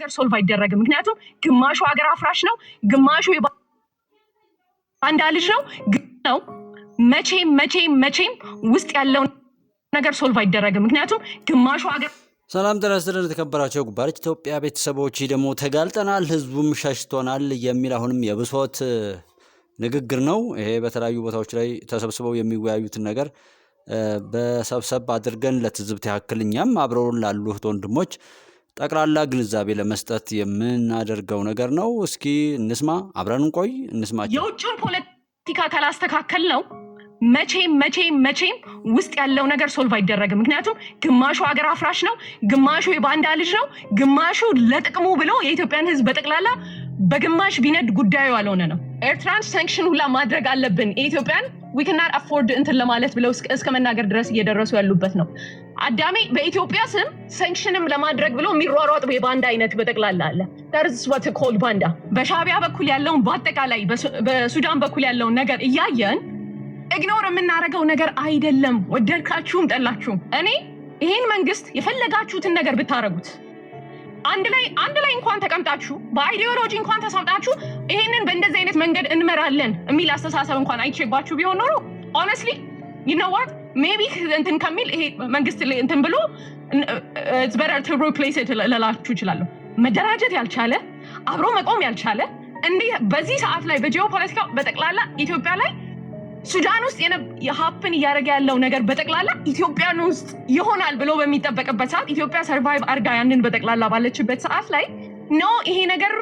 ነገር ሶልቭ አይደረግም። ምክንያቱም ግማሹ ሀገር አፍራሽ ነው፣ ግማሹ ባንዳ ልጅ ነው ነው መቼም መቼም መቼም ውስጥ ያለው ነገር ሶልቭ አይደረግም። ምክንያቱም ግማሹ ሀገር ሰላም ጤና ይስጥልን የተከበራቸው ጉባኤች ኢትዮጵያ ቤተሰቦች ደግሞ ተጋልጠናል፣ ህዝቡም ሸሽቶናል የሚል አሁንም የብሶት ንግግር ነው። ይሄ በተለያዩ ቦታዎች ላይ ተሰብስበው የሚወያዩትን ነገር በሰብሰብ አድርገን ለትዝብት ያክል እኛም አብረውን ላሉት ወንድሞች ጠቅላላ ግንዛቤ ለመስጠት የምናደርገው ነገር ነው። እስኪ እንስማ፣ አብረን እንቆይ፣ እንስማቸው። የውጭን ፖለቲካ ካላስተካከል ነው መቼም መቼም መቼም ውስጥ ያለው ነገር ሶልቭ አይደረግም። ምክንያቱም ግማሹ ሀገር አፍራሽ ነው፣ ግማሹ የባንዳ ልጅ ነው፣ ግማሹ ለጥቅሙ ብሎ የኢትዮጵያን ሕዝብ በጠቅላላ በግማሽ ቢነድ ጉዳዩ አልሆነ ነው። ኤርትራን ሳንክሽን ሁላ ማድረግ አለብን የኢትዮጵያን ዊክናት አፎርድ እንትን ለማለት ብለው እስከ መናገር ድረስ እየደረሱ ያሉበት ነው። አዳሜ በኢትዮጵያ ስም ሰንክሽንም ለማድረግ ብለው የሚሯሯጥ የባንዳ አይነት በጠቅላላ አለ። ተርዝ ወት ባንዳ በሻቢያ በኩል ያለውን በአጠቃላይ በሱዳን በኩል ያለውን ነገር እያየን ኢግኖር የምናደርገው ነገር አይደለም። ወደድካችሁም ጠላችሁም፣ እኔ ይህን መንግስት የፈለጋችሁትን ነገር ብታደረጉት አንድ ላይ አንድ ላይ እንኳን ተቀምጣችሁ በአይዲዮሎጂ እንኳን ተሰምጣችሁ ይሄንን በእንደዚህ አይነት መንገድ እንመራለን የሚል አስተሳሰብ እንኳን አይቼባችሁ ቢሆን ኖሮ ኦነስትሊ ይነዋት ሜቢ እንትን ከሚል ይሄ መንግስት እንትን ብሎ ዝበረር ቱ ሪፕሌስ ልላችሁ መደራጀት ያልቻለ አብሮ መቆም ያልቻለ እንዲህ በዚህ ሰዓት ላይ በጂኦፖለቲካ በጠቅላላ ኢትዮጵያ ላይ ሱዳን ውስጥ ሀፕን እያደረገ ያለው ነገር በጠቅላላ ኢትዮጵያን ውስጥ ይሆናል ብሎ በሚጠበቅበት ሰዓት ኢትዮጵያ ሰርቫይቭ አርጋ ያንን በጠቅላላ ባለችበት ሰዓት ላይ ኖ ይሄ ነገር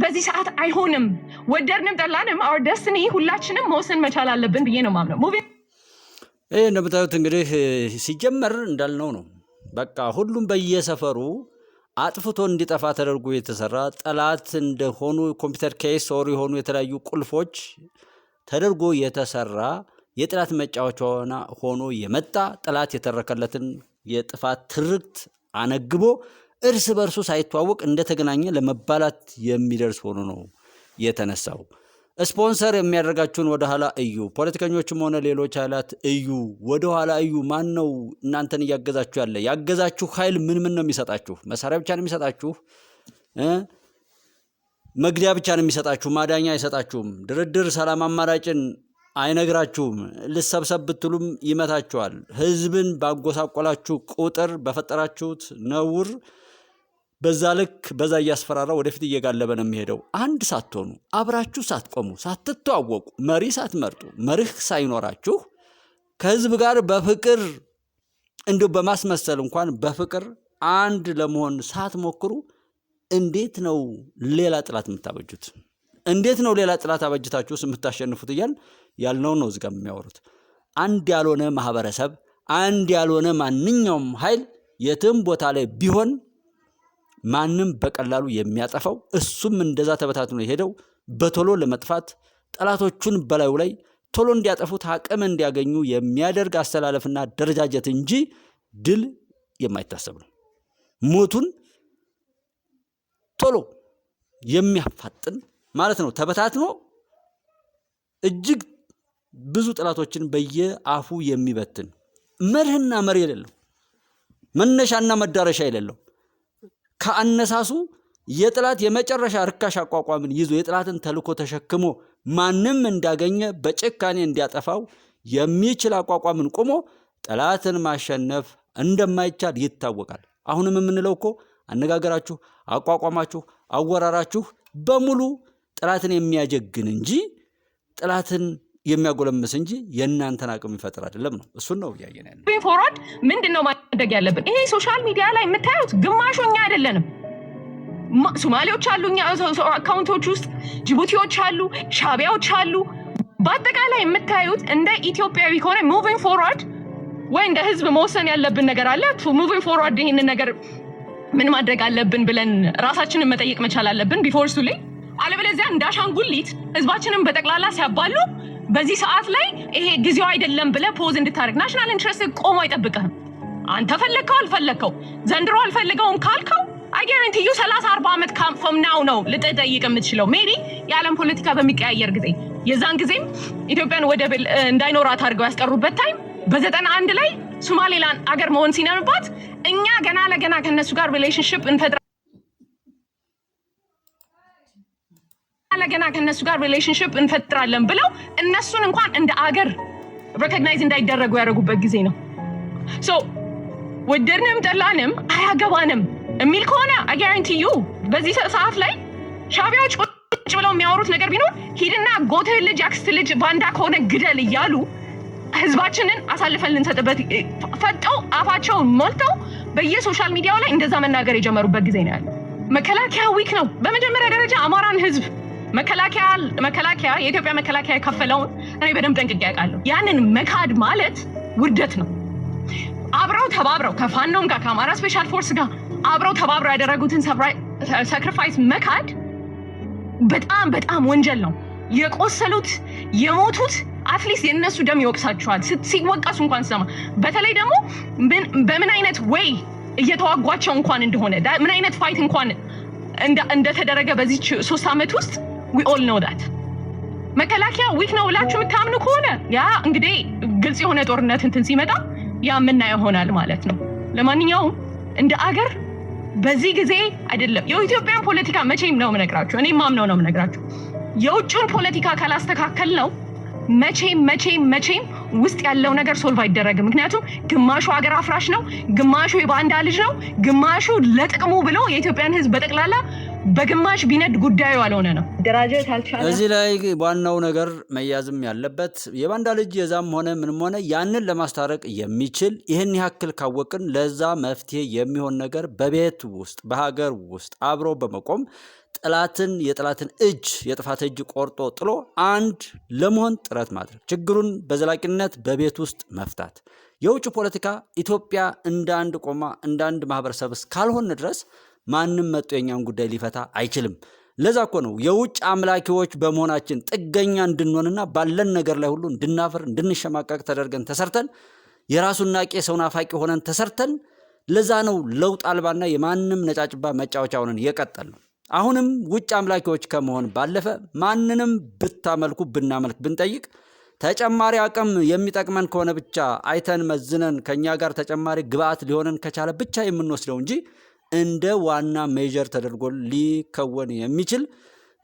በዚህ ሰዓት አይሆንም፣ ወደድንም ጠላንም አወር ደስትኒ ሁላችንም መውሰን መቻል አለብን ብዬ ነው ማምነው። ሙቪ ይህ እንደምታዩት እንግዲህ ሲጀመር እንዳልነው ነው። በቃ ሁሉም በየሰፈሩ አጥፍቶ እንዲጠፋ ተደርጎ የተሰራ ጠላት እንደሆኑ ኮምፒውተር ኬስ ኦር የሆኑ የተለያዩ ቁልፎች ተደርጎ የተሰራ የጥላት መጫወቻ ሆኖ የመጣ ጥላት የተረከለትን የጥፋት ትርክት አነግቦ እርስ በርሱ ሳይተዋወቅ እንደተገናኘ ለመባላት የሚደርስ ሆኖ ነው የተነሳው። ስፖንሰር የሚያደርጋችሁን ወደኋላ እዩ። ፖለቲከኞችም ሆነ ሌሎች ኃይላት እዩ፣ ወደኋላ እዩ። ማን ነው እናንተን እያገዛችሁ ያለ? ያገዛችሁ ኃይል ምን ምን ነው የሚሰጣችሁ? መሳሪያ ብቻ ነው የሚሰጣችሁ? መግዲያ ብቻ ነው የሚሰጣችሁ፣ ማዳኛ አይሰጣችሁም። ድርድር ሰላም አማራጭን አይነግራችሁም። ልሰብሰብ ብትሉም ይመታችኋል። ህዝብን ባጎሳቆላችሁ ቁጥር በፈጠራችሁት ነውር በዛ ልክ በዛ እያስፈራራ ወደፊት እየጋለበ ነው የሚሄደው። አንድ ሳትሆኑ አብራችሁ ሳትቆሙ ሳትተዋወቁ መሪ ሳትመርጡ መርህ ሳይኖራችሁ ከህዝብ ጋር በፍቅር እንዲሁ በማስመሰል እንኳን በፍቅር አንድ ለመሆን ሳትሞክሩ እንዴት ነው ሌላ ጥላት የምታበጁት? እንዴት ነው ሌላ ጥላት አበጅታችሁስ የምታሸንፉት? እያል ያልነው ነው እዚጋ የሚያወሩት። አንድ ያልሆነ ማህበረሰብ፣ አንድ ያልሆነ ማንኛውም ኃይል የትም ቦታ ላይ ቢሆን ማንም በቀላሉ የሚያጠፋው እሱም እንደዛ ተበታትኖ የሄደው በቶሎ ለመጥፋት ጠላቶቹን በላዩ ላይ ቶሎ እንዲያጠፉት አቅም እንዲያገኙ የሚያደርግ አስተላለፍና ደረጃጀት እንጂ ድል የማይታሰብ ነው። ሞቱን ቶሎ የሚያፋጥን ማለት ነው። ተበታትኖ እጅግ ብዙ ጠላቶችን በየአፉ የሚበትን መርህና መሪ የሌለው መነሻና መዳረሻ የሌለው ከአነሳሱ የጥላት የመጨረሻ ርካሽ አቋቋምን ይዞ የጥላትን ተልኮ ተሸክሞ ማንም እንዳገኘ በጭካኔ እንዲያጠፋው የሚችል አቋቋምን ቁሞ ጠላትን ማሸነፍ እንደማይቻል ይታወቃል። አሁንም የምንለው እኮ አነጋገራችሁ፣ አቋቋማችሁ፣ አወራራችሁ በሙሉ ጥላትን የሚያጀግን እንጂ ጥላትን የሚያጎለምስ እንጂ የእናንተን አቅም ይፈጥር አይደለም ነው። እሱን ነው እያየን ያለ ፎርዋርድ ምንድን ነው ማድረግ ያለብን? ይሄ ሶሻል ሚዲያ ላይ የምታዩት ግማሹ እኛ አይደለንም። ሶማሌዎች አሉ፣ እኛ አካውንቶች ውስጥ ጅቡቲዎች አሉ፣ ሻቢያዎች አሉ። በአጠቃላይ የምታዩት እንደ ኢትዮጵያዊ ከሆነ ሙቪንግ ፎርዋርድ ወይ እንደ ህዝብ መወሰን ያለብን ነገር አለ። ሙቪንግ ፎርዋርድ ይህንን ነገር ምን ማድረግ አለብን ብለን ራሳችንን መጠየቅ መቻል አለብን ቢፎር ሱ ላይ አለበለዚያ እንዳሻንጉሊት ህዝባችንን በጠቅላላ ሲያባሉ በዚህ ሰዓት ላይ ይሄ ጊዜው አይደለም ብለ ፖዝ እንድታደርግ ናሽናል ኢንትረስት ቆሞ አይጠብቅህም። አንተ ፈለግከው አልፈለግከው ዘንድሮ አልፈልገውም ካልከው አገረንቲዩ ሰላሳ አርባ ዓመት ካምፎም ናው ነው ልጠይቅ የምትችለው ሜቢ የዓለም ፖለቲካ በሚቀያየር ጊዜ የዛን ጊዜም ኢትዮጵያን ወደብ እንዳይኖራት አድርገው ያስቀሩበት ታይም በዘጠና አንድ ላይ ሶማሌላንድ አገር መሆን ሲነርባት እኛ ገና ለገና ከነሱ ጋር ሪሌሽንሽፕ እንፈጥራለን ለገና ከነሱ ጋር ሪሌሽንሽፕ እንፈጥራለን ብለው እነሱን እንኳን እንደ አገር ሬኮግናይዝ እንዳይደረጉ ያደረጉበት ጊዜ ነው። ሶ ወደድንም ጠላንም አያገባንም የሚል ከሆነ አጋራንቲ ዩ በዚህ ሰዓት ላይ ሻቢያዎች ቁጭ ብለው የሚያወሩት ነገር ቢኖር ሂድና ጎትህ ልጅ አክስት ልጅ ባንዳ ከሆነ ግደል እያሉ ህዝባችንን አሳልፈን ልንሰጥበት ፈጠው አፋቸውን ሞልተው በየሶሻል ሚዲያው ላይ እንደዛ መናገር የጀመሩበት ጊዜ ነው ያለ። መከላከያ ዊክ ነው። በመጀመሪያ ደረጃ አማራን ህዝብ መከላከያ መከላከያ የኢትዮጵያ መከላከያ የከፈለውን እኔ በደንብ ጠንቅቄ አውቃለሁ። ያንን መካድ ማለት ውርደት ነው። አብረው ተባብረው ከፋኖም ጋር ከአማራ ስፔሻል ፎርስ ጋር አብረው ተባብረው ያደረጉትን ሳክሪፋይስ መካድ በጣም በጣም ወንጀል ነው። የቆሰሉት የሞቱት አትሊስት የእነሱ ደም ይወቅሳቸዋል ሲወቀሱ እንኳን ስሰማ በተለይ ደግሞ በምን አይነት ወይ እየተዋጓቸው እንኳን እንደሆነ ምን አይነት ፋይት እንኳን እንደተደረገ በዚህ ሶስት ዓመት ውስጥ ዊ ኦል ነው ዳት መከላከያ ዊክ ነው ብላችሁ የምታምኑ ከሆነ ያ እንግዲህ ግልጽ የሆነ ጦርነት እንትን ሲመጣ ያ የምናየው ይሆናል ማለት ነው። ለማንኛውም እንደ አገር በዚህ ጊዜ አይደለም የኢትዮጵያን ፖለቲካ መቼም ነው የምነግራችሁ፣ እኔ ማምነው ነው የምነግራችሁ። የውጭን ፖለቲካ ካላስተካከል ነው መቼም መቼም መቼም ውስጥ ያለው ነገር ሶልቭ አይደረግም። ምክንያቱም ግማሹ ሀገር አፍራሽ ነው፣ ግማሹ የባንዳ ልጅ ነው፣ ግማሹ ለጥቅሙ ብሎ የኢትዮጵያን ሕዝብ በጠቅላላ በግማሽ ቢነድ ጉዳዩ አልሆነ ነው። እዚህ ላይ ዋናው ነገር መያዝም ያለበት የባንዳ ልጅ የዛም ሆነ ምንም ሆነ ያንን ለማስታረቅ የሚችል ይህን ያክል ካወቅን ለዛ መፍትሄ የሚሆን ነገር በቤት ውስጥ በሀገር ውስጥ አብሮ በመቆም ጠላትን የጠላትን እጅ የጥፋት እጅ ቆርጦ ጥሎ አንድ ለመሆን ጥረት ማድረግ፣ ችግሩን በዘላቂነት በቤት ውስጥ መፍታት። የውጭ ፖለቲካ ኢትዮጵያ እንደ አንድ ቆማ እንደ አንድ ማህበረሰብ እስካልሆን ድረስ ማንም መጡ የኛን ጉዳይ ሊፈታ አይችልም። ለዛ እኮ ነው የውጭ አምላኪዎች በመሆናችን ጥገኛ እንድንሆንና ባለን ነገር ላይ ሁሉ እንድናፍር እንድንሸማቀቅ ተደርገን ተሰርተን የራሱን ናቄ ሰውን አፋቂ ሆነን ተሰርተን ለዛ ነው ለውጥ አልባና የማንም ነጫጭባ መጫወቻ ሆነን የቀጠል ነው። አሁንም ውጭ አምላኪዎች ከመሆን ባለፈ ማንንም ብታመልኩ ብናመልክ ብንጠይቅ ተጨማሪ አቅም የሚጠቅመን ከሆነ ብቻ አይተን መዝነን ከእኛ ጋር ተጨማሪ ግብአት ሊሆነን ከቻለ ብቻ የምንወስደው እንጂ እንደ ዋና ሜጀር ተደርጎ ሊከወን የሚችል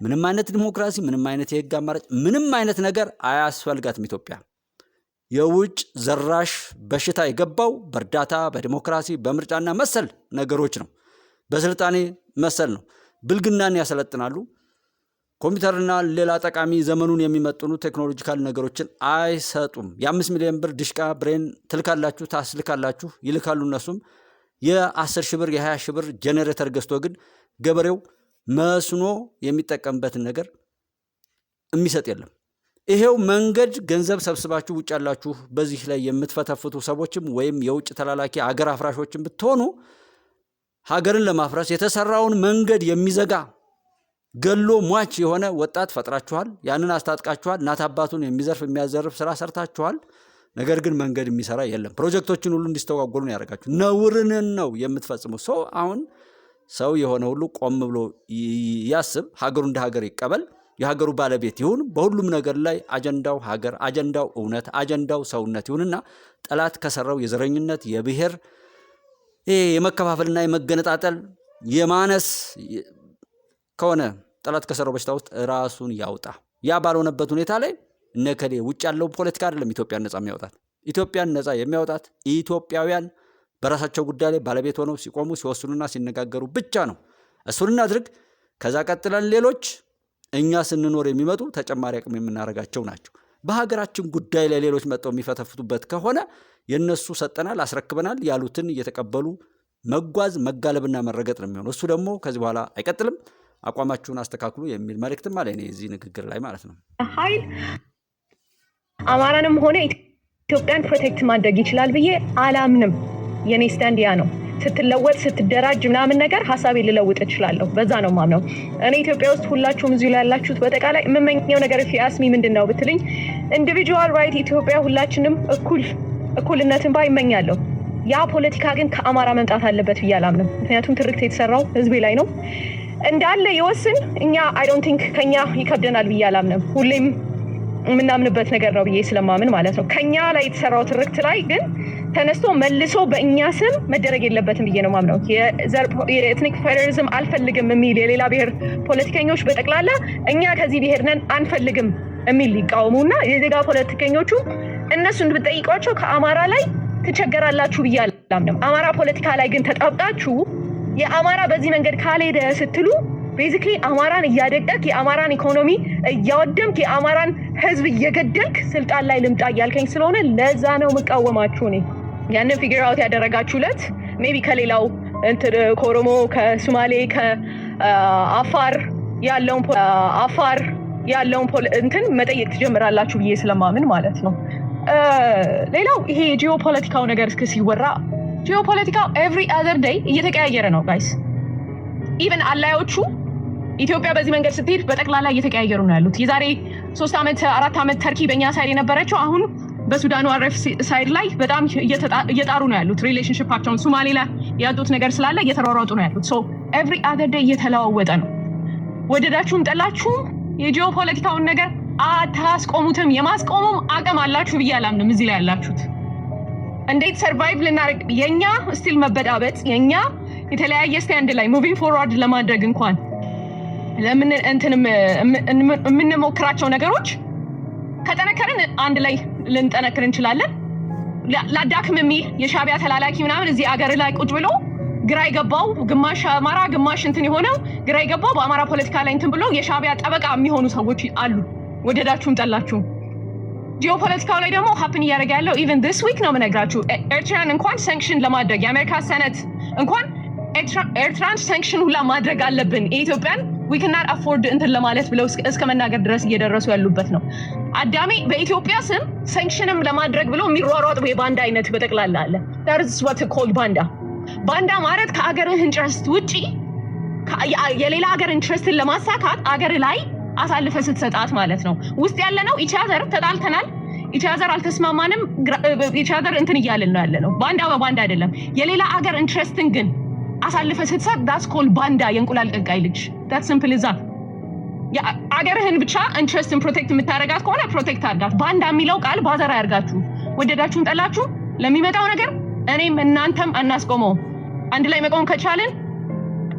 ምንም አይነት ዲሞክራሲ፣ ምንም አይነት የህግ አማራጭ፣ ምንም አይነት ነገር አያስፈልጋትም ኢትዮጵያ። የውጭ ዘራሽ በሽታ የገባው በእርዳታ፣ በዲሞክራሲ፣ በምርጫና መሰል ነገሮች ነው። በስልጣኔ መሰል ነው። ብልግናን ያሰለጥናሉ። ኮምፒውተርና ሌላ ጠቃሚ ዘመኑን የሚመጥኑ ቴክኖሎጂካል ነገሮችን አይሰጡም። የአምስት ሚሊዮን ብር ድሽቃ ብሬን ትልካላችሁ፣ ታስልካላችሁ፣ ይልካሉ። እነሱም የአስር ሺህ ብር የሀያ ሺህ ብር ጄኔሬተር ገዝቶ ግን ገበሬው መስኖ የሚጠቀምበትን ነገር የሚሰጥ የለም። ይሄው መንገድ ገንዘብ ሰብስባችሁ ውጭ ያላችሁ በዚህ ላይ የምትፈተፍቱ ሰዎችም ወይም የውጭ ተላላኪ አገር አፍራሾችም ብትሆኑ ሀገርን ለማፍረስ የተሰራውን መንገድ የሚዘጋ ገሎ ሟች የሆነ ወጣት ፈጥራችኋል። ያንን አስታጥቃችኋል። እናት አባቱን የሚዘርፍ የሚያዘርፍ ስራ ሰርታችኋል። ነገር ግን መንገድ የሚሰራ የለም። ፕሮጀክቶችን ሁሉ እንዲስተጓጎሉ ነው ያደረጋችሁ። ነው የምትፈጽሙት። ሰው አሁን ሰው የሆነ ሁሉ ቆም ብሎ ያስብ። ሀገሩ እንደ ሀገር ይቀበል። የሀገሩ ባለቤት ይሁን። በሁሉም ነገር ላይ አጀንዳው ሀገር፣ አጀንዳው እውነት፣ አጀንዳው ሰውነት ይሁንና ጠላት ከሰራው የዘረኝነት የብሔር ይሄ የመከፋፈልና የመገነጣጠል የማነስ ከሆነ ጠላት ከሰራው በሽታ ውስጥ ራሱን ያውጣ። ያ ባልሆነበት ሁኔታ ላይ ነከሌ ውጭ ያለው ፖለቲካ አይደለም ኢትዮጵያን ነጻ የሚያወጣት። ኢትዮጵያን ነጻ የሚያወጣት ኢትዮጵያውያን በራሳቸው ጉዳይ ላይ ባለቤት ሆነው ሲቆሙ፣ ሲወስኑና ሲነጋገሩ ብቻ ነው። እሱን እናድርግ። ከዛ ቀጥለን ሌሎች እኛ ስንኖር የሚመጡ ተጨማሪ አቅም የምናደርጋቸው ናቸው። በሀገራችን ጉዳይ ላይ ሌሎች መጥተው የሚፈተፍቱበት ከሆነ የእነሱ ሰጠናል፣ አስረክበናል ያሉትን እየተቀበሉ መጓዝ መጋለብና መረገጥ ነው የሚሆነው። እሱ ደግሞ ከዚህ በኋላ አይቀጥልም። አቋማችሁን አስተካክሉ የሚል መልእክትም አለ እዚህ ንግግር ላይ ማለት ነው። ኃይል አማራንም ሆነ ኢትዮጵያን ፕሮቴክት ማድረግ ይችላል ብዬ አላምንም። የኔ ስታንድ ያ ነው። ስትለወጥ ስትደራጅ ምናምን ነገር ሀሳቤ ልለውጥ እችላለሁ። በዛ ነው ማምነው። እኔ ኢትዮጵያ ውስጥ ሁላችሁም እዚሁ ላይ ያላችሁት በጠቃላይ የምመኘው ነገር ፊ ምንድን ነው ብትልኝ ኢንዲቪጁዋል ራይት ኢትዮጵያ ሁላችንም እኩል እኩልነትን ባይ እመኛለሁ። ያ ፖለቲካ ግን ከአማራ መምጣት አለበት ብዬ አላምንም። ምክንያቱም ትርክት የተሰራው ህዝቤ ላይ ነው እንዳለ የወስን እኛ አይ ዶንት ቲንክ ከኛ ይከብደናል ብዬ አላምንም። ሁሌም የምናምንበት ነገር ነው ብዬ ስለማምን ማለት ነው። ከኛ ላይ የተሰራው ትርክት ላይ ግን ተነስቶ መልሶ በእኛ ስም መደረግ የለበትም ብዬ ነው ማምነው። የኤትኒክ ፌደራሊዝም አልፈልግም የሚል የሌላ ብሔር ፖለቲከኞች በጠቅላላ እኛ ከዚህ ብሔር ነን አንፈልግም የሚል ይቃወሙ እና የዜጋ ፖለቲከኞቹ እነሱን እንድትጠይቋቸው ከአማራ ላይ ትቸገራላችሁ ብዬ አላምንም። አማራ ፖለቲካ ላይ ግን ተጣብጣችሁ የአማራ በዚህ መንገድ ካልሄደ ስትሉ ቤዚክሊ አማራን እያደቀቅ የአማራን ኢኮኖሚ እያወደምክ የአማራን ህዝብ እየገደልክ ስልጣን ላይ ልምጣ እያልከኝ ስለሆነ ለዛ ነው የምቃወማችሁ። እኔ ያንን ፊግር አውት ያደረጋችሁለት ሜቢ ከሌላው ከኦሮሞ፣ ከሱማሌ፣ ከአፋር ያለውን አፋር ያለውን እንትን መጠየቅ ትጀምራላችሁ ብዬ ስለማምን ማለት ነው። ሌላው ይሄ ጂኦፖለቲካው ነገር እስከ ሲወራ ጂኦፖለቲካ ኤቭሪ አዘር ዴይ እየተቀያየረ ነው ጋይስ። ኢቨን አላዮቹ ኢትዮጵያ በዚህ መንገድ ስትሄድ በጠቅላላ እየተቀያየሩ ነው ያሉት። የዛሬ ሶስት ዓመት አራት ዓመት ተርኪ በእኛ ሳይድ የነበረችው አሁን በሱዳኑ አረፍ ሳይድ ላይ በጣም እየጣሩ ነው ያሉት ሪሌሽንሽፓቸውን። ሱማሌ ላይ ያጡት ነገር ስላለ እየተሯሯጡ ነው ያሉት። ኤቭሪ አዘር ዴይ እየተለዋወጠ ነው። ወደዳችሁም ጠላችሁም የጂኦፖለቲካውን ነገር አታስቆሙትም። የማስቆሙም አቅም አላችሁ ብዬ አላምንም። እዚህ ላይ ያላችሁት እንዴት ሰርቫይቭ ልናደርግ የእኛ ስቲል መበጣበጥ የእኛ የተለያየ ስታንድ ላይ ሙቪንግ ፎርዋርድ ለማድረግ እንኳን ለምን እንትን የምንሞክራቸው ነገሮች ከጠነከርን አንድ ላይ ልንጠነክር እንችላለን። ላዳክም የሚል የሻቢያ ተላላኪ ምናምን እዚህ አገር ላይ ቁጭ ብሎ ግራ የገባው ግማሽ አማራ ግማሽ እንትን የሆነው ግራ የገባው በአማራ ፖለቲካ ላይ እንትን ብሎ የሻቢያ ጠበቃ የሚሆኑ ሰዎች አሉ። ወደዳችሁም ጠላችሁም። ጂኦፖለቲካው ላይ ደግሞ ሀፕን እያደረገ ያለው ኢቨን ዲስ ዊክ ነው የምነግራችሁ። ኤርትራን እንኳን ሰንክሽን ለማድረግ የአሜሪካ ሰነት እንኳን ኤርትራን ሰንክሽን ሁላ ማድረግ አለብን የኢትዮጵያን ዊክናር አፎርድ እንትን ለማለት ብለው እስከ መናገር ድረስ እየደረሱ ያሉበት ነው። አዳሜ በኢትዮጵያ ስም ሰንክሽንም ለማድረግ ብሎ የሚሯሯጥ የባንዳ አይነት በጠቅላላ አለ። ርስ ዋት ኮልድ ባንዳ። ባንዳ ማለት ከአገርህ ኢንትረስት ውጪ የሌላ ሀገር ኢንትረስትን ለማሳካት አገር ላይ አሳልፈ ስትሰጣት ማለት ነው። ውስጥ ያለ ነው ኢቻዘር ተጣልተናል፣ ኢቻዘር አልተስማማንም፣ ኢቻዘር እንትን እያለን ነው ያለ ነው። ባንዳ በባንዳ አይደለም። የሌላ አገር ኢንትረስትን ግን አሳልፈ ስትሰጥ ዳስ ኮል ባንዳ፣ የእንቁላል ቀቃይ ልጅ ዳት ስምፕል ዛ አገርህን ብቻ ኢንትረስትን ፕሮቴክት የምታደርጋት ከሆነ ፕሮቴክት አድርጋት። ባንዳ የሚለው ቃል ባዘር አያርጋችሁ። ወደዳችሁን ጠላችሁ ለሚመጣው ነገር እኔም እናንተም አናስቆመውም። አንድ ላይ መቆም ከቻልን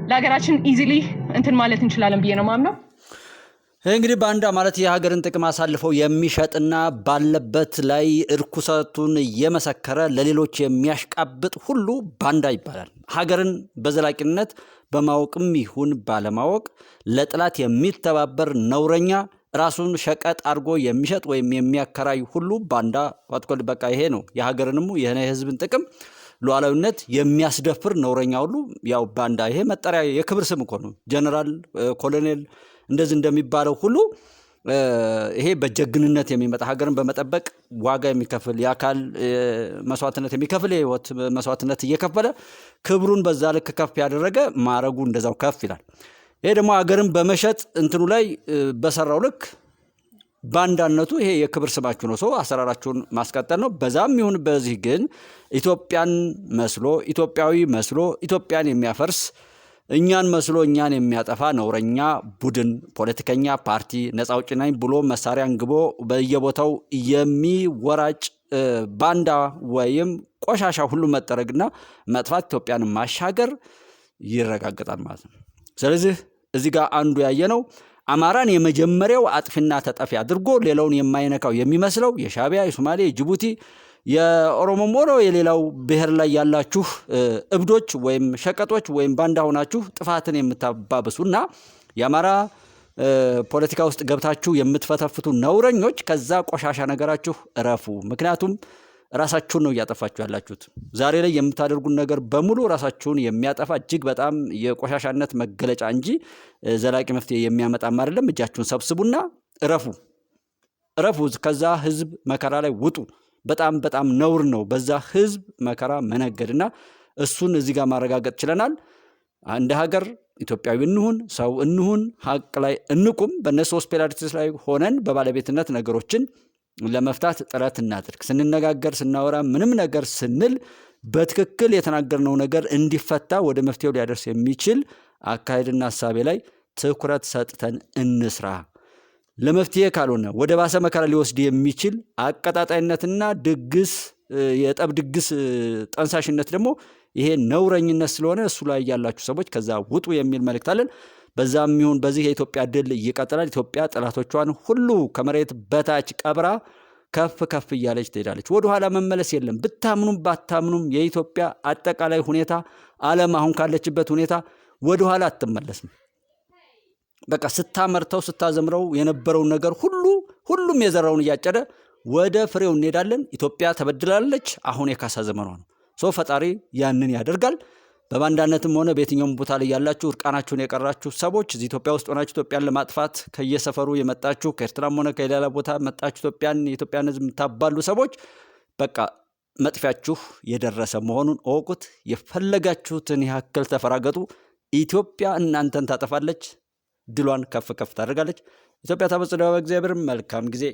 ለሀገራችን ኢዚሊ እንትን ማለት እንችላለን ብዬ ነው ማምነው። እንግዲህ ባንዳ ማለት የሀገርን ጥቅም አሳልፈው የሚሸጥና ባለበት ላይ እርኩሰቱን እየመሰከረ ለሌሎች የሚያሽቃብጥ ሁሉ ባንዳ ይባላል። ሀገርን በዘላቂነት በማወቅም ይሁን ባለማወቅ ለጥላት የሚተባበር ነውረኛ፣ ራሱን ሸቀጥ አድርጎ የሚሸጥ ወይም የሚያከራይ ሁሉ ባንዳ ዋትኮል። በቃ ይሄ ነው የሀገርንም የህዝብን ጥቅም ሉዓላዊነት የሚያስደፍር ነውረኛ ሁሉ ያው ባንዳ። ይሄ መጠሪያ የክብር ስም እኮ ነው። ጀነራል ኮሎኔል እንደዚህ እንደሚባለው ሁሉ ይሄ በጀግንነት የሚመጣ ሀገርን በመጠበቅ ዋጋ የሚከፍል የአካል መስዋዕትነት የሚከፍል የህይወት መስዋዕትነት እየከፈለ ክብሩን በዛ ልክ ከፍ ያደረገ ማረጉ እንደዛው ከፍ ይላል። ይሄ ደግሞ ሀገርን በመሸጥ እንትኑ ላይ በሰራው ልክ ባንዳነቱ ይሄ የክብር ስማችሁ ነው። ሰው አሰራራችሁን ማስቀጠል ነው። በዛም ይሁን በዚህ ግን ኢትዮጵያን መስሎ ኢትዮጵያዊ መስሎ ኢትዮጵያን የሚያፈርስ እኛን መስሎ እኛን የሚያጠፋ ነውረኛ ቡድን፣ ፖለቲከኛ፣ ፓርቲ፣ ነፃ አውጪ ነኝ ብሎ መሳሪያ አንግቦ በየቦታው የሚወራጭ ባንዳ ወይም ቆሻሻ ሁሉ መጠረግና መጥፋት ኢትዮጵያን ማሻገር ይረጋገጣል ማለት ነው። ስለዚህ እዚህ ጋር አንዱ ያየ ነው። አማራን የመጀመሪያው አጥፊና ተጠፊ አድርጎ ሌላውን የማይነካው የሚመስለው የሻቢያ፣ የሶማሌ፣ የጅቡቲ የኦሮሞም ሆኖ የሌላው ብሔር ላይ ያላችሁ እብዶች ወይም ሸቀጦች ወይም ባንዳ ሆናችሁ ጥፋትን የምታባብሱና የአማራ ፖለቲካ ውስጥ ገብታችሁ የምትፈተፍቱ ነውረኞች ከዛ ቆሻሻ ነገራችሁ እረፉ። ምክንያቱም ራሳችሁን ነው እያጠፋችሁ ያላችሁት። ዛሬ ላይ የምታደርጉን ነገር በሙሉ ራሳችሁን የሚያጠፋ እጅግ በጣም የቆሻሻነት መገለጫ እንጂ ዘላቂ መፍትሄ የሚያመጣም አይደለም። እጃችሁን ሰብስቡና እረፉ፣ እረፉ። ከዛ ህዝብ መከራ ላይ ውጡ። በጣም በጣም ነውር ነው በዛ ህዝብ መከራ መነገድና እሱን እዚህ ጋር ማረጋገጥ ችለናል። እንደ ሀገር ኢትዮጵያዊ እንሁን፣ ሰው እንሁን፣ ሀቅ ላይ እንቁም። በእነሱ ሆስፔላሪቲስ ላይ ሆነን በባለቤትነት ነገሮችን ለመፍታት ጥረት እናድርግ። ስንነጋገር፣ ስናወራ፣ ምንም ነገር ስንል በትክክል የተናገርነው ነገር እንዲፈታ ወደ መፍትሄው ሊያደርስ የሚችል አካሄድና ሀሳቤ ላይ ትኩረት ሰጥተን እንስራ። ለመፍትሄ ካልሆነ ወደ ባሰ መከራ ሊወስድ የሚችል አቀጣጣይነትና ድግስ የጠብ ድግስ ጠንሳሽነት ደግሞ ይሄ ነውረኝነት ስለሆነ እሱ ላይ ያላችሁ ሰዎች ከዛ ውጡ የሚል መልእክት አለን። በዛም በዚህ የኢትዮጵያ ድል ይቀጥላል። ኢትዮጵያ ጠላቶቿን ሁሉ ከመሬት በታች ቀብራ ከፍ ከፍ እያለች ትሄዳለች። ወደኋላ መመለስ የለም። ብታምኑም ባታምኑም የኢትዮጵያ አጠቃላይ ሁኔታ ዓለም አሁን ካለችበት ሁኔታ ወደኋላ አትመለስም። በቃ ስታመርተው ስታዘምረው የነበረውን ነገር ሁሉ ሁሉም የዘራውን እያጨደ ወደ ፍሬው እንሄዳለን። ኢትዮጵያ ተበድላለች። አሁን የካሳ ዘመኗ ነው። ሰው ፈጣሪ ያንን ያደርጋል። በባንዳነትም ሆነ በየትኛውም ቦታ ላይ ያላችሁ እርቃናችሁን የቀራችሁ ሰዎች እዚህ ኢትዮጵያ ውስጥ ሆናችሁ ኢትዮጵያን ለማጥፋት ከየሰፈሩ የመጣችሁ ከኤርትራም ሆነ ከሌላ ቦታ መጣችሁ ኢትዮጵያን የኢትዮጵያን ሕዝብ የምታባሉ ሰዎች በቃ መጥፊያችሁ የደረሰ መሆኑን እወቁት። የፈለጋችሁትን ያክል ተፈራገጡ። ኢትዮጵያ እናንተን ታጠፋለች። ድሏን ከፍ ከፍ ታደርጋለች። ኢትዮጵያ ታበጽሕና እግዚአብሔር። መልካም ጊዜ